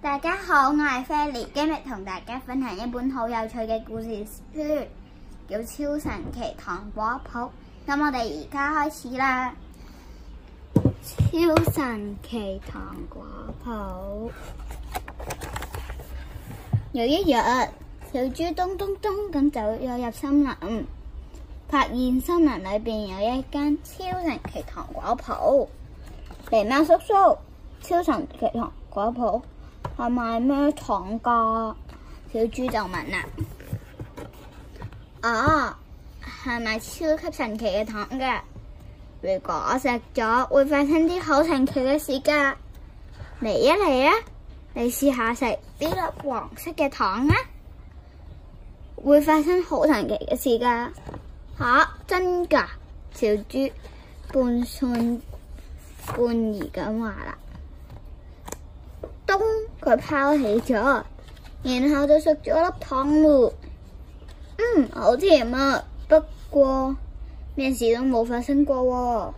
大家好，我係 Fely，今日同大家分享一本好有趣嘅故事書，叫《超神奇糖果鋪》。咁我哋而家開始啦，《超神奇糖果鋪》。有一日，小豬咚咚咚咁走咗入森林，發現森林裏邊有一間超神奇糖果鋪。肥貓叔叔，超神奇糖果鋪。係賣咩糖噶？小豬就問啦。啊、哦，係賣超級神奇嘅糖噶。如果我食咗，會發生啲好神奇嘅事噶。嚟啊嚟啊，你試下食呢粒黃色嘅糖啊，會發生好神奇嘅事噶。吓、哦，真噶？小豬半信半疑咁話啦。咚！佢拋棄咗，然後就食咗粒糖咯。嗯，好甜啊。不過咩事都冇發生過啊。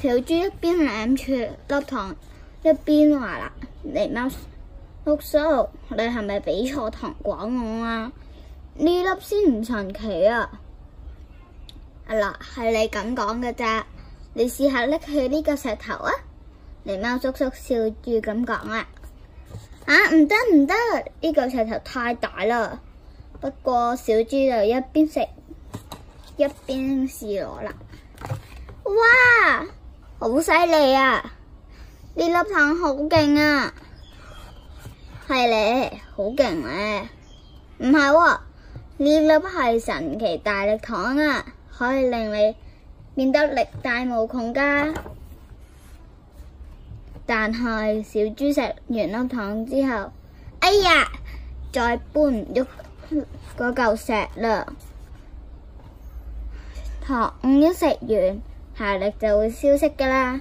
小豬一邊舐住粒糖，一邊話啦：狸貓叔叔，你係咪俾錯糖我啊？呢粒先唔神奇啊！係啦，係你咁講嘅咋，你試下拎起呢個石頭啊！狸貓叔叔笑住咁講啦。啊，唔得唔得，呢個石頭太大啦。不過小豬就一邊食一邊試我啦。哇，好犀利啊！呢粒糖好勁啊，係，你好勁咧。唔係喎，呢粒係神奇大力糖啊，可以令你變得力大無窮噶。但係小豬食完粒糖之後，哎呀，再搬唔喐嗰嚿石啦！糖一食完，合力就會消失噶啦。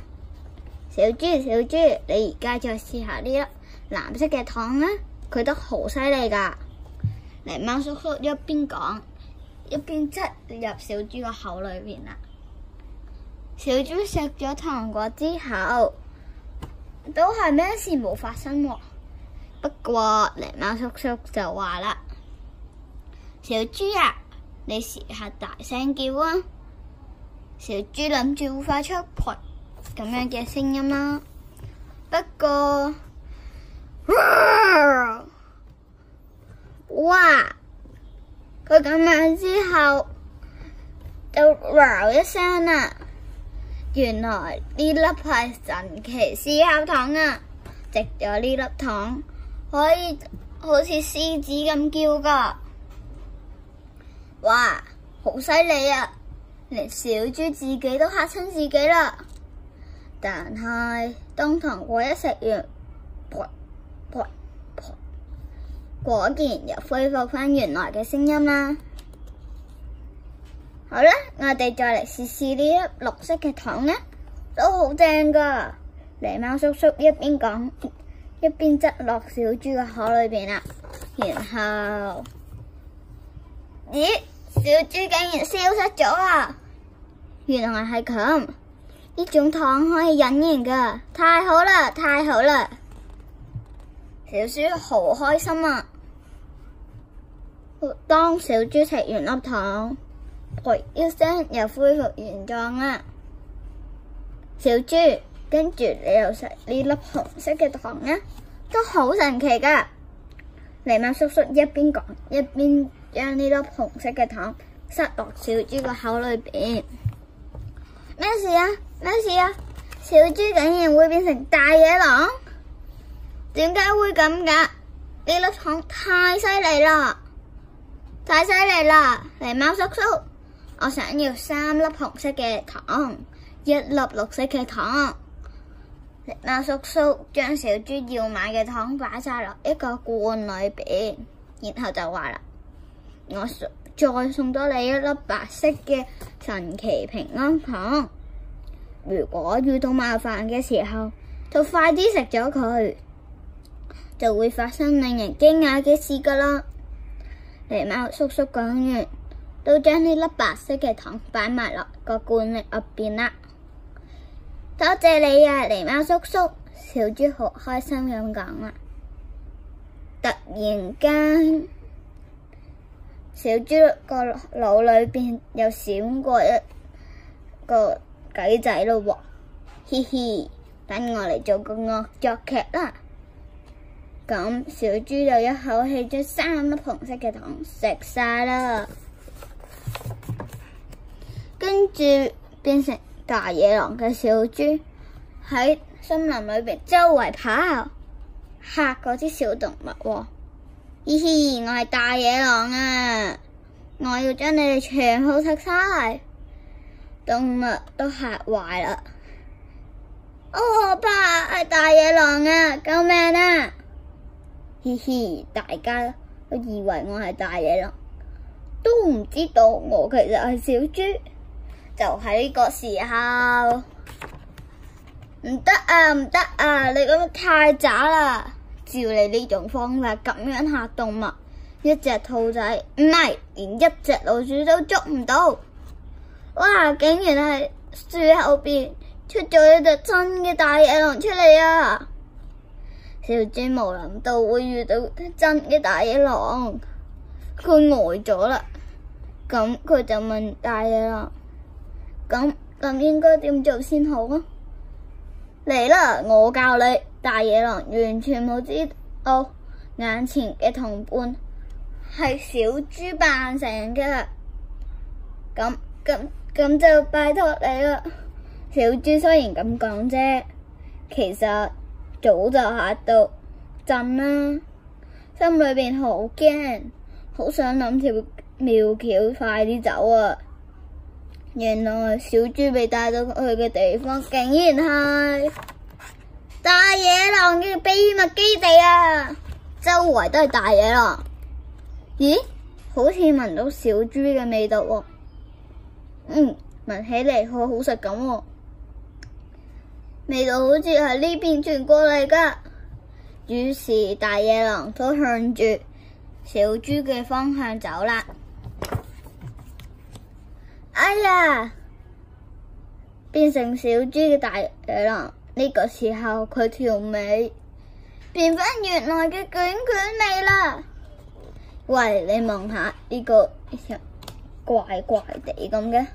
小豬，小豬，你而家再試下呢粒藍色嘅糖吖，佢都好犀利噶。嚟貓叔叔一邊講，一邊塞入小豬個口裏邊啦。小豬食咗糖果之後。都係咩事冇發生，啊，不過狸貓叔叔就話啦：小豬啊，你試下大聲叫啊！小豬諗住會發出「噗」咁樣嘅聲音啦，啊，不過，呃、哇！佢咁樣之後就鬧、呃、一聲啊！原來呢粒係神奇獅子糖啊！食咗呢粒糖可以好似獅子咁叫噶，哇，好犀利啊！連小豬自己都嚇親自己啦。但係當糖果一食完，果果然又恢復返原來嘅聲音啦。好啦，我哋再嚟試試呢粒綠色嘅糖啦，都好正噶。狸貓叔叔一邊講，一邊執落小豬個口裏面啦。然後，咦，小豬竟然消失咗啊！原來係咁，呢種糖可以隱形噶，太好啦，太好啦！小豬好開心啊。當小豬食完粒糖。噗，一聲又恢復原狀啦。啊，小豬，跟住你又食呢粒紅色嘅糖啦。啊，都好神奇噶。狸貓叔叔一邊講，一邊將呢粒紅色嘅糖塞落小豬個口裏邊。咩事啊？咩事啊？小豬竟然會變成大野狼？點解會咁噶？呢粒糖太犀利啦！太犀利啦！狸貓叔叔。我想要三粒紅色嘅糖，一粒綠色嘅糖。狸貓叔叔將小豬要買嘅糖擺晒落一個罐裏邊，然後就話啦：我再送多你一粒白色嘅神奇平安糖。如果遇到麻煩嘅時候，就快啲食咗佢，就會發生令人驚訝嘅事㗎啦。狸貓叔叔講完。都將呢粒白色嘅糖擺埋落個罐裏入邊啦。多謝你啊，狸貓叔叔。小豬好開心咁講啊！突然間，小豬個腦裏邊又閃過一個計仔咯，嘻嘻，等我嚟做個惡作劇啦。咁，小豬就一口氣將三粒紅色嘅糖食晒啦。跟住變成大野狼嘅小豬喺森林裏邊周圍跑，嚇嗰啲小動物，哦。嘻嘻，我係大野狼啊！我要將你哋全部食晒，動物都嚇壞啦，好、哦、可怕啊！係大野狼啊，救命啊！嘻嘻，大家都以為我係大野狼，都唔知道我其實係小豬。就喺嗰時候，唔得啊唔得啊！你咁樣太渣啦！照你呢種方法咁樣嚇動，動物，一隻兔仔唔係連一隻老鼠都捉唔到。哇！竟然係樹後邊出咗一隻真嘅大野狼出嚟啊！小豬冇諗到會遇到真嘅大野狼，佢呆咗啦。咁佢就問大野狼。咁咁、嗯、應該點做先好啊？嚟啦，我教你。大野狼完全冇知道、哦，眼前嘅同伴係小豬扮成嘅啦。咁咁咁就拜託你啦。小豬雖然咁講啫，其實早就嚇到震啦，心裏邊好驚，好想諗條妙橋快啲走啊！原來小豬被帶到去嘅地方，竟然係大野狼嘅秘密基地啊！周圍都係大野狼。咦？好似聞到小豬嘅味道喎、哦。嗯，聞起嚟好好食咁。味道好似係呢邊傳過嚟噶。於是大野狼都向住小豬嘅方向走啦。哎呀，變成小豬嘅大腿啦！呢、這個時候佢條尾變翻原來嘅卷卷尾啦。喂，你望下呢個，像怪怪地咁嘅，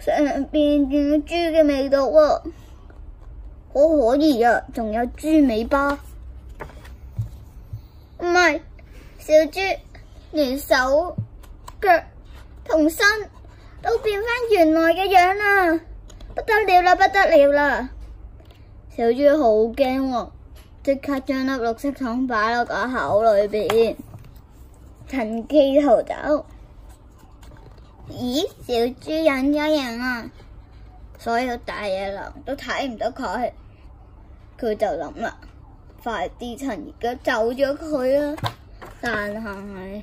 上邊變咗豬嘅味道、哦、啊！好可疑啊，仲有豬尾巴，唔係小豬連手腳。腳童身都變翻原來嘅樣啦！不得了啦，不得了啦！小豬好驚喎，即刻將粒綠色糖擺落個口裏邊，趁機逃走。咦，小豬隱咗形啊！所有大野狼都睇唔到佢，佢就諗啦，快啲趁而家走咗佢啦！但係，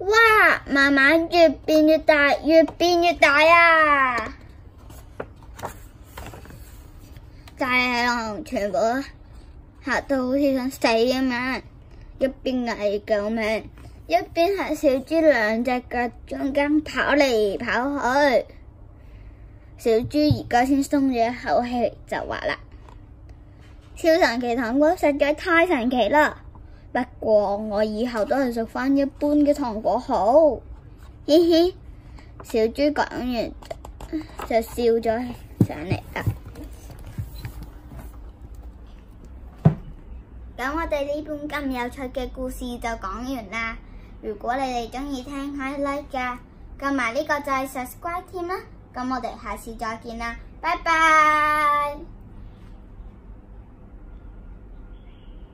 哇！慢慢越變越大，越變越大啊！ 大野狼全部吓到好似想死咁樣，一邊嗌救命，一邊喺小豬兩隻腳中間跑嚟跑去。小豬而家先鬆咗一口氣，就話啦：超神奇糖果，實在太神奇啦！不過我以後都係食翻一般嘅糖果好，嘻嘻。小豬講完就笑咗上嚟啦。咁我哋呢本咁有趣嘅故事就講完啦。如果你哋中意聽，可以 like 加，加埋呢個就係 subscribe 添啦。咁我哋下次再見啦，拜拜。